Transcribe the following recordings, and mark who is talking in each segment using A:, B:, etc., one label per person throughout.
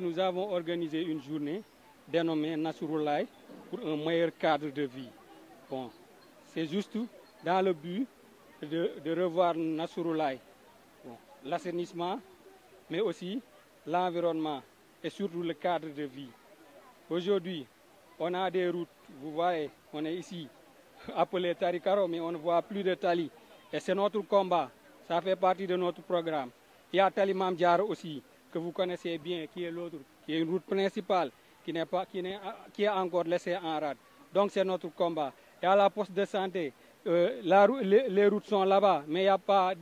A: nous avons organisé une journée dénommée Nassurulai pour un meilleur cadre de vie. c'est juste dans le but de, revoir Nassurulai, l'assainissement, mais aussi l'environnement et surtout le cadre de vie. Aujourd'hui, on a des routes, vous voyez, on est ici, appelé Tarikaro, mais on ne voit plus de Tali. Et c'est notre combat, ça fait partie de notre programme. Il y a Tali Mamdiar aussi, que vous connaissez bien, qui est l'autre, qui est une route principale, qui n'est pas, qui n'est, euh, qui est encore laissée en rade. Donc c'est notre combat. Et à la poste de santé, euh, les, routes sont là-bas, mais y a pas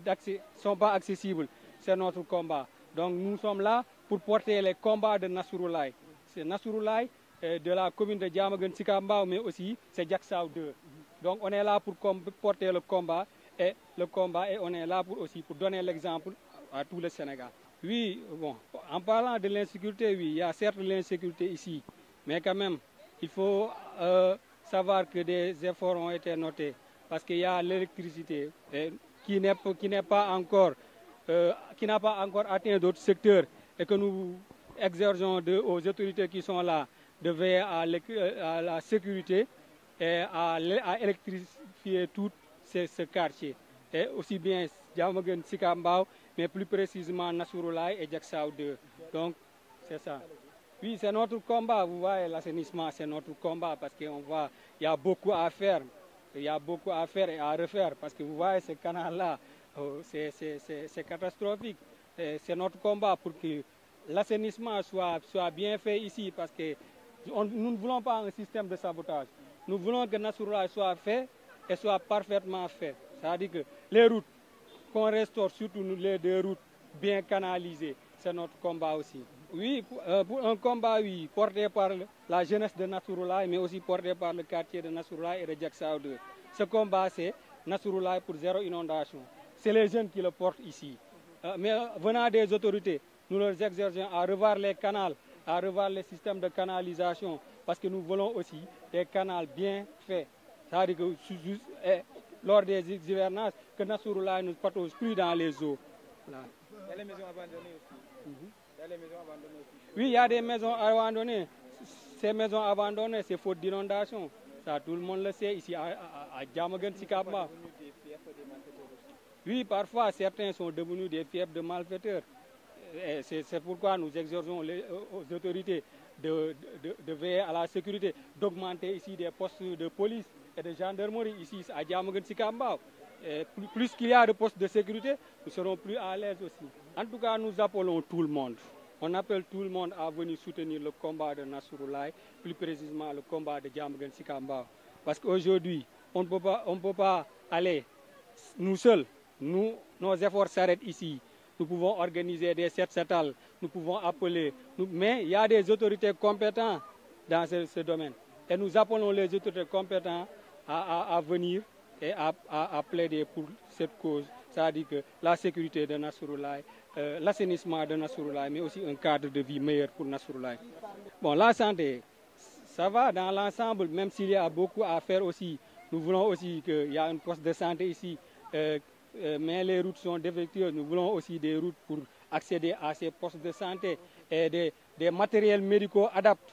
A: sont pas accessibles. C'est notre combat. Donc nous sommes là pour porter les combats de Nassouroulaï. C'est Nassouroulaï, euh, de la commune de Djamagun Sikambao, mais aussi c'est Jaksao 2. Donc on est là pour porter le combat et le combat et on est là pour aussi pour donner l'exemple à tout le Sénégal. Oui, bon, en parlant de l'insécurité, oui, il y a certes l'insécurité ici, mais quand même, il faut euh, savoir que des efforts ont été notés parce qu'il y a l'électricité euh, qui n'a pas encore atteint d'autres secteurs et que nous exergeons aux autorités qui sont là de veiller à, euh, la sécurité et à, électrifier tout ce quartier et aussi bien mais plus précisément Nassourolaye et Diacksao 2. Donc, c'est ça. Oui, c'est notre combat, vous voyez, l'assainissement, c'est notre combat parce qu'on voit, il y a beaucoup à faire. Il y a beaucoup à faire et à refaire parce que vous voyez ce canal-là, oh, c'est catastrophique. C'est notre combat pour que l'assainissement soit, bien fait ici parce que nous ne voulons pas un système de sabotage. Nous voulons que Nassourolaye soit fait et soit parfaitement fait. C'est-à-dire que les routes, qu'on restaure surtout les deux routes bien canalisées, c'est notre combat aussi. Oui, pour euh, un combat, oui, porté par la jeunesse de Nasrullah, mais aussi porté par le quartier de Nasrullah et de Ce combat, c'est Nasrullah pour zéro inondation. C'est les jeunes qui le portent ici. Euh, mais euh, venant des autorités, nous leur exerçons à revoir les canals, à revoir les systèmes de canalisation, parce que nous voulons aussi des canals bien faits. C'est-à-dire que eh, lors des hivernages que Nassouroula ne patrouille plus dans les eaux. Il y a des mhm. maisons abandonnées aussi. Oui, il y a des maisons abandonnées. Ces maisons abandonnées, c'est faute d'inondation. Ça, tout le monde le sait ici à, à, Djamagan Oui, parfois, certains sont devenus des fiefs de malfaiteurs. C'est pourquoi nous exhortons les, autorités de, de, de, veiller à la sécurité, d'augmenter ici des postes de police et de gendarmerie ici à Diamogun plus qu'il y a de postes de sécurité, nous serons plus à l'aise aussi. En tout cas, nous appelons tout le monde. On appelle tout le monde à venir soutenir le combat de Nasrullah, plus précisément le combat de Diamogun Parce qu'aujourd'hui, on ne peut pas, on peut pas aller nous seuls. Nous, nos efforts s'arrêtent ici. Nous pouvons organiser des setsetals, nous pouvons appeler. mais il y a des autorités compétentes dans ce, ce domaine. Et nous appelons les autorités compétentes à, venir et à, plaider pour cette cause, c'est-à-dire que la sécurité de Nasrullah, euh, l'assainissement de Nasrullah, mais aussi un cadre de vie meilleur pour Nasrullah. Bon, la santé, ça va dans l'ensemble, même s'il y a beaucoup à faire aussi. Nous voulons aussi qu'il y ait un poste de santé ici, euh, euh, mais les routes sont défectueuses. Nous voulons aussi des routes pour accéder à ces postes de santé et des, des matériels médicaux adaptés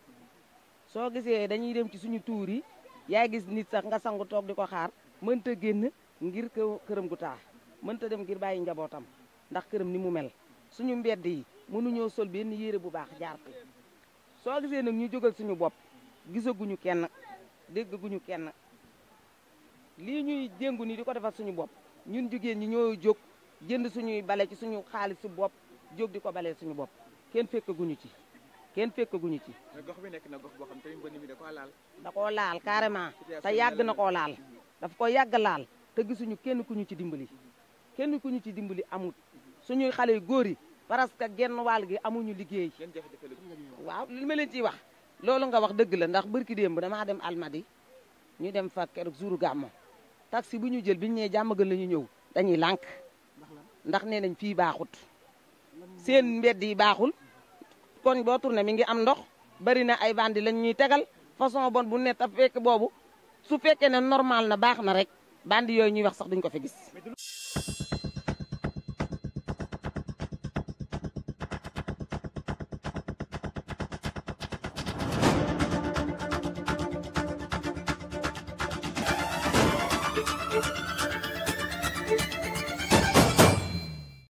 B: soo gisee dañuy dem ci suñu tuur yi yaa gis nit sax nga sangu toog di ko xaar mënta génn ngir kërëm gu taa mënta dem ngir bàyyi njabootam ndax këram ni mu mel suñu mbedd yi mënuñoo sol benn yére bu baax jaar soo gisee nag ñu jógal suñu bopp gisaguñu kenn déggaguñu kenn lii ñuy jéngu ni di ko defal suñu bopp ñun jigéen ñi ñoo jóg jënd suñuy bale ci suñu xaalisu bopp jóg di ko bale suñu bopp kenn fekkaguñu ci kenn fekkaguñu ci. gox bi nekk na gox boo xam te mbënd mi da koo laal. da koo laal carrément te yàgg na koo laal daf ko yàgg laal te gisuñu kenn ku ñu ci dimbali kenn ku ñu ci dimbali amut suñuy xale yu góor yi parce genn wàll gi ñu liggéey. waaw li ma leen ciy wax. loolu nga wax dëgg la ndax bërki barki démb damaa dem Almadi ñu dem fa keroog jour gàmmo taxi bu ñu jël bi nee jàmm gën la ñu ñëw dañuy lànk ndax nee nañ fii baaxut seen mbedd yi baaxul. koñ boo tourné mi ngi am ndox bari na ay bandi lañ ñuy tegal façon bon bu ne ta fekk boobu su fekkee ne normal na baax na rek bandi yooyu ñuy wax sax duñ ko fi gis